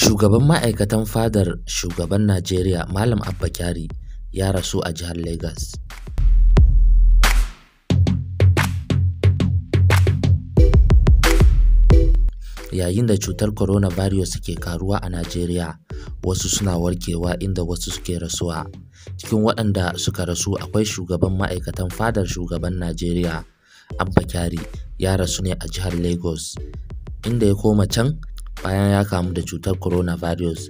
Shugaban ma'aikatan fadar shugaban Najeriya Malam Abba Kyari ya rasu a jihar Lagos. Yayin da cutar coronavirus ke karuwa a Najeriya, wasu suna warkewa inda wasu suke rasuwa. Cikin waɗanda suka rasu akwai shugaban ma'aikatan fadar shugaban Najeriya, Abba Kyari ya rasu ne a jihar Lagos, inda ya koma can bayan ya kamu da cutar coronavirus.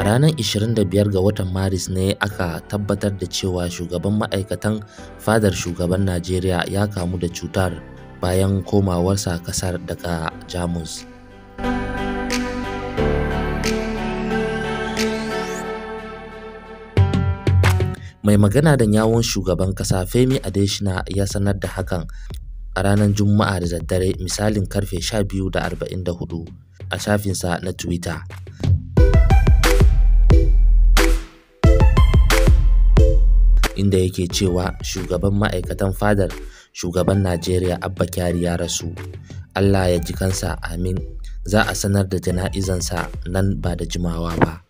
A ranar 25 ga watan Maris ne aka tabbatar da cewa shugaban ma'aikatan fadar shugaban Najeriya ya kamu da cutar bayan komawarsa kasar daga Jamus. Mai magana da yawon shugaban ƙasa Femi Adesina ya sanar da hakan a ranar Juma'a da daddare misalin karfe 12:44 a shafinsa na Twitter. inda yake cewa shugaban ma'aikatan fadar shugaban Najeriya Abba Kyari ya rasu. Allah ya ji kansa amin za a sanar da jana'izansa nan ba da jimawa ba.